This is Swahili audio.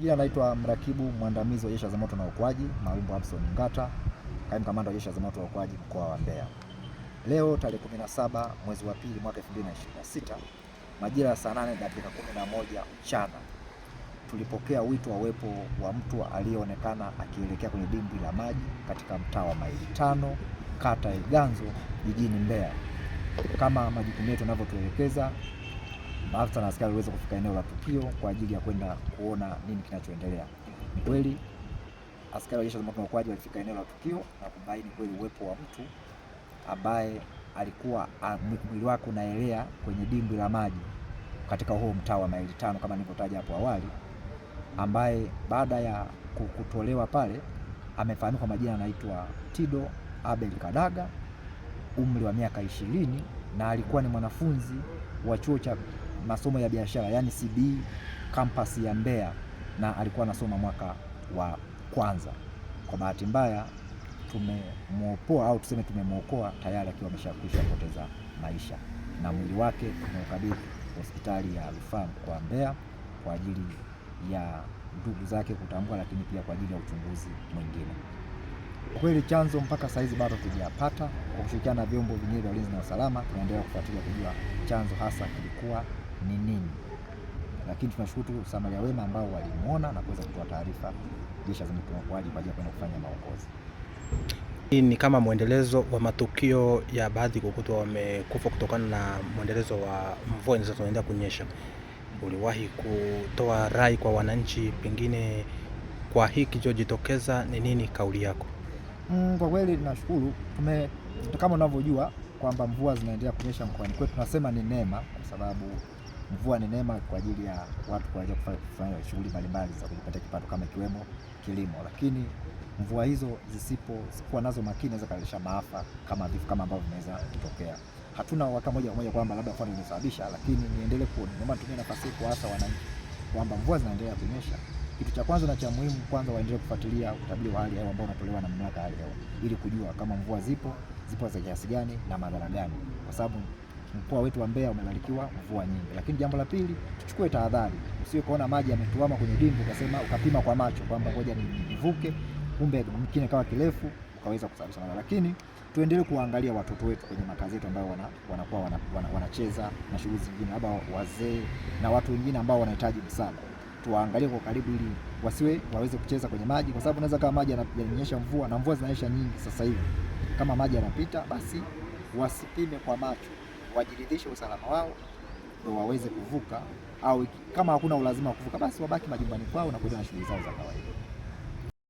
Majina anaitwa mrakibu mwandamizi wa jeshi la zimamoto na uokoaji Malumbo Abson Ngata, kaimu kamanda wa jeshi la zimamoto na uokoaji mkoa wa Mbeya. Leo tarehe 17 mwezi wa pili mwaka 2026 majira ya saa 8 dakika 11 mchana tulipokea wito wa uwepo wa mtu aliyeonekana akielekea kwenye dimbwi la maji katika mtaa wa Maili Tano kata ya Iganzo jijini Mbeya, kama majukumu yetu yanavyotuelekeza afisa na askari waliweza kufika eneo la tukio kwa ajili ya kwenda kuona nini kinachoendelea. Ni kweli askari wa jeshi la zimamoto na uokoaji walifika eneo la tukio na kubaini kweli uwepo wa mtu ambaye alikuwa mwili wake unaelea kwenye dimbwi la maji katika huo mtaa wa maili tano kama nilivyotaja hapo awali, ambaye baada ya kutolewa pale amefahamika kwa majina anaitwa Tido Abel Kadaga, umri wa miaka ishirini na alikuwa ni mwanafunzi wa chuo cha masomo ya biashara yani CB campus ya Mbeya, na alikuwa anasoma mwaka wa kwanza. Kwa bahati mbaya tumemwopoa au tuseme tumemwokoa tayari akiwa ameshakwisha poteza maisha, na mwili wake tumeukabidhi hospitali ya rufaa mkoa Mbeya kwa ajili ya ndugu zake kutambua, lakini pia kwa ajili ya uchunguzi mwingine. Kweli chanzo mpaka saizi bado tujapata. Kwa kushirikiana na vyombo vingine vya ulinzi na usalama, tunaendelea kufuatilia kujua chanzo hasa kilikuwa ni nini, lakini tunashukuru Samaria wema ambao walimwona na kuweza kutoa taarifa jeshi la zimamoto kwa ajili ya kwenda kufanya maokozi. Hii ni kama mwendelezo wa matukio ya baadhi kukutwa wamekufa kutokana na mwendelezo wa mvua tunaendea kunyesha. Uliwahi kutoa rai kwa wananchi, pengine kwa hii kilichojitokeza, ni nini kauli yako? Mm, kwa kweli tunashukuru tume, kama unavyojua kwamba mvua zinaendelea kunyesha mkoani kwetu, tunasema ni neema kwa sababu Mvua ni neema kwa ajili ya watu kuweza kufanya shughuli mbalimbali za kujipatia kipato kama ikiwemo kilimo, lakini mvua hizo zisipo sikuwa nazo makini inaweza kalesha maafa kama vifo kama ambavyo vimeweza kutokea. Hatuna uhakika moja kwa moja kwamba labda mvua imesababisha, lakini niendelee kuona, kutumia nafasi hii kuasa wananchi kwamba mvua zinaendelea kunyesha. Kitu cha kwanza na cha muhimu, kwanza waendelee kufuatilia utabiri wa hali ya hewa ambao unatolewa na mamlaka ya hali ya hewa ili kujua kama mvua zipo zipo za kiasi gani na madhara gani, kwa sababu mkoa wetu wa Mbeya umebarikiwa mvua nyingi. Lakini jambo la pili, tuchukue tahadhari, usiwe kuona maji yametuama kwenye dimbwi ukasema ukapima kwa macho kwamba ngoja nivuke, kumbe mkine kawa kirefu ukaweza kusababisha madhara. Lakini tuendelee kuangalia watoto wetu kwenye makazi yetu ambao wanakuwa wana, wana, wanacheza na shughuli zingine, labda wazee na watu wengine ambao wanahitaji msaada, tuwaangalie kwa karibu ili wasiwe waweze kucheza kwenye maji, kwa sababu unaweza kama maji yananyesha mvua na mvua zinanyesha nyingi sasa hivi, kama maji yanapita, basi wasipime kwa macho wajiridhishe usalama wao ndio waweze kuvuka, au kama hakuna ulazima wa kuvuka, basi wabaki majumbani kwao na kuendelea na shughuli zao za kawaida.